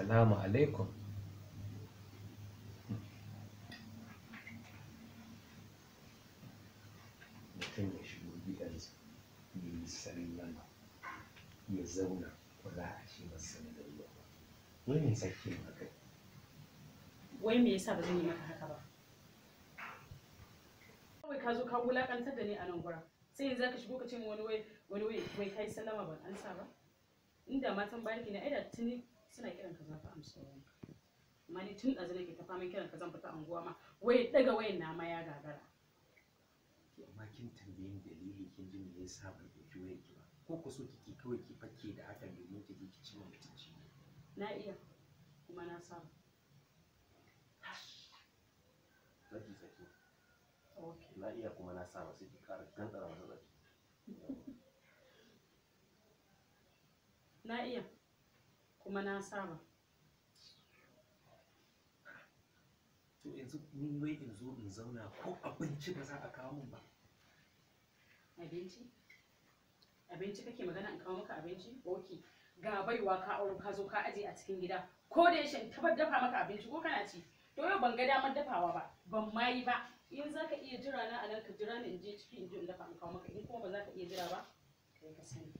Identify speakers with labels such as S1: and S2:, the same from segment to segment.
S1: Assalamu alaikum. Mutum ya shigo gidansa ya yi sallama ya zauna ba za a shi masa da ruwa ba. Wai me sake maka? Wai me yasa ba zan yi maka haka ba? Kawai ka zo ka wulakantar da ni a nan gurin. Sai yanzu ka shigo ka ce wani wai wani wai kai sallama ban sa ba. Inda matan bariki ne ai da tuni suna kiran ka za ka amsa wani amma ni tun ɗazu nake ta famin kiran ka zan fita anguwa ma wai daga wayan na ma ya gagara amma kin tambayin dalili kin ji me yasa ban ɗauki wayar ki ba ko ku so kike kawai ki fakke da haka domin ki je ki ci mutunci na iya kuma na saba zaki zaki na iya kuma na saba sai ki ƙara gandara masa zaki na iya kuma na saba to yanzu ni wai in zo in zauna ko abinci ba za a kawo min ba abinci abinci kake magana in kawo maka abinci ok ga baiwa ka auro ka zo ka aje a cikin gida ko da yaushe tabar dafa maka abinci ko kana ci to yau ban ga damar dafawa ba ban ma yi ba in za ka iya jira na a nan ka jira ni in je ciki in je in dafa in kawo maka in kuma ba za ka iya jira ba kai ka sani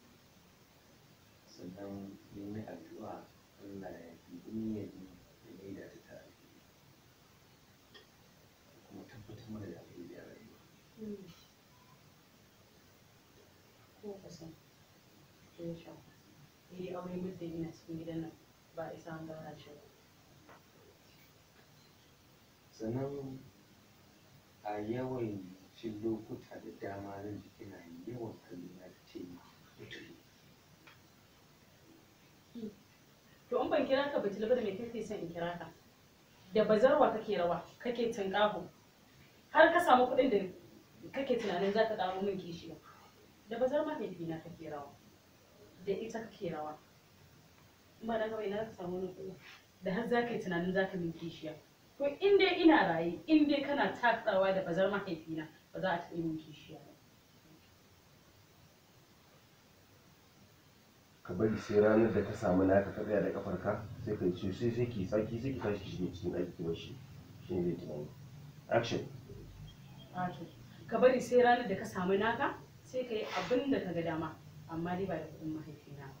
S1: sannan yi mai addu'a Allah ya fi dubi ne da mai da ta alheri kuma tabbatar mana da alheri a rayuwa ko kusan insha Allah eh aure mutum ina cikin gidan nan ba isa an gana shi ba sannan a yawan cin lokuta da dama zan ji ina yawan kallon na ce mutum kira ka bijil ba da mai kake son in kira ka da bazarwa kake rawa kake tunƙaho har ka samu kuɗin da kake tunanin za ka dawo min kishiya da bazar mahaifina kake rawa da ita kake rawa ba da kawai na ka samu wani kuɗi da har za ka yi tunanin za ka min kishiya Ko in dai ina raye in dai kana takawa da bazar mahaifina ba za a taɓa min kishiya ba ka bari sai ranar da ka samu na ka tsaya da kafar ka sai ka ce sai sai ki saki sai ki tashi shi ne cikin ɗaki kuma shi shi ne zai tunani action ka bari sai ranar da ka samu naka sai ka yi abin da ka ga dama amma dai ba da kuɗin mahaifina ba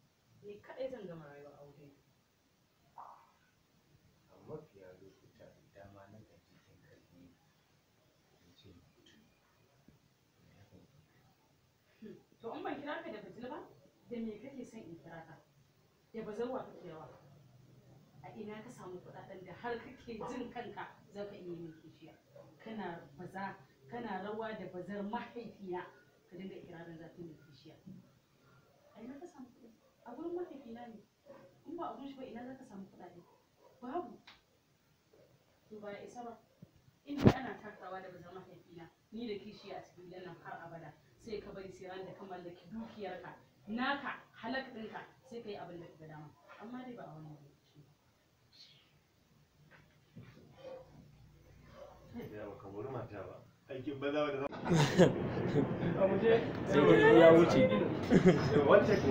S1: ni kaɗai zan gama rayuwar aure a mafiya lokuta dama na kan cikin karfi da ce hmm. to in ban kira ka da fitil ba da me kake son in kira ka da bazarwa kake yawa a ina ka samu kuɗaɗen da har kake jin kanka za ka iya yin kishiya kana baza kana rawa da bazar mahaifiya ka dinga ikirarin za ka yi kishiya a ina ka samu kuɗaɗen a gurin mahaifina ne in ba a gurin shi ba ina za ka samu kuɗaɗe babu to ba isa ba in ana takawa da bazar mahaifina ni da kishi a cikin gidan nan har abada sai ka bari sai ran da ka mallaki dukiyarka naka halak ɗinka sai ka yi abin da ka dama amma dai ba a wani wani. ba ka ba. aikin ya eh, ruwan zafi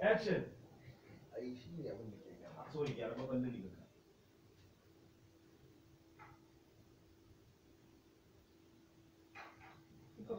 S1: Action.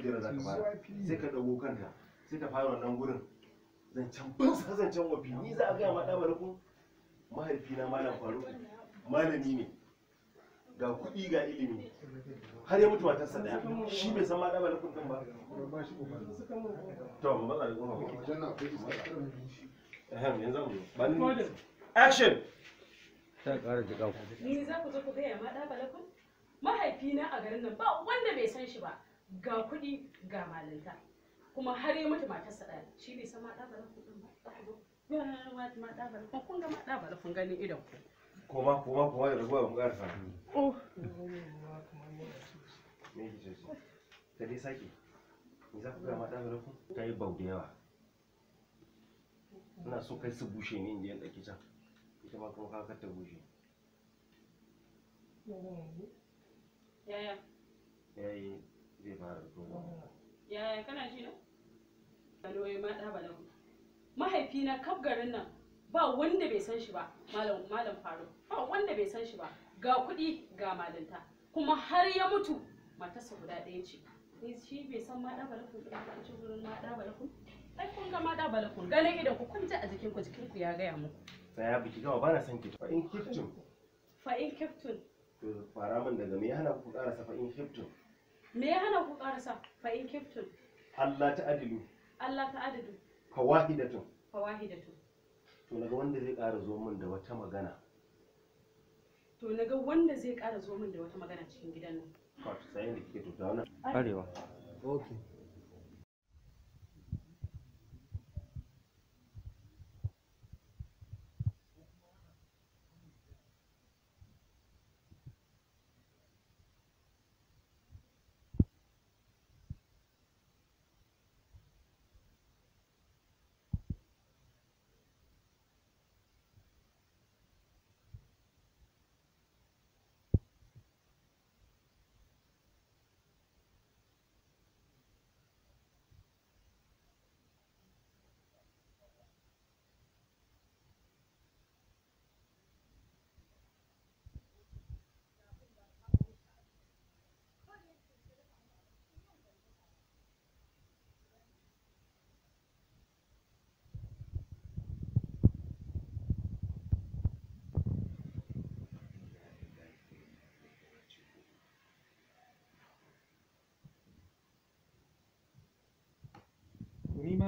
S1: kujera za ka fara sai ka dago kanta sai ka fara wannan gurin zancen bansa zancen wafi ni za a gaya ma ɗaba mahaifi mahaifina malam faru malami ne ga kuɗi ga ilimi har ya mutu matarsa daya shi bai san ma ɗaba ku ɗin ba to mu matsa ba goma yanzu mu ban action ta ƙara jiƙa ku ni za ku zo ku gaya ma ɗaba rukun mahaifina a garin nan ba wanda bai san shi ba ga kuɗi ga malinta kuma har ya mutu matarsa ɗaya shi bai sama ma kuɗin ba kun ga ma da raguwa mu ƙarfa me yake dai sake me za ku ga ma ku da yawa ina so kai su bushe ne inda yan ɗaki can ita ma kuma ta bushe zai fara fitowa yaya kana shi na gano ya eh, mata Mahaifi mahaifina kaf garin nan ba wanda bai san shi ba malam malam faru ba wanda bai san shi ba ga kuɗi ga malinta kuma har ya mutu matarsa guda ɗaya ce ni shi bai san ma da balakun ba a ci gurin ma da balakun ai kun ga ma da balakun ganin idan ku kun ji a jikin ku jikin ku ya gaya muku tsaya biki gawa ba na san ki Fa'in kiftun Fa'in kiftun to fara min daga me hana ku ƙara safa kiftun me ya hana ku karasa fa in kiftun Allah ta adilu Allah ta adilu Fa Fa fawahidatun to naga wanda zai ƙara zo min da wata magana to naga wanda zai ƙara zo min da wata magana cikin gidan nan to sai da kike to wannan arewa okay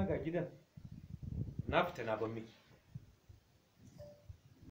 S1: ma ga gidan na fita na ban miki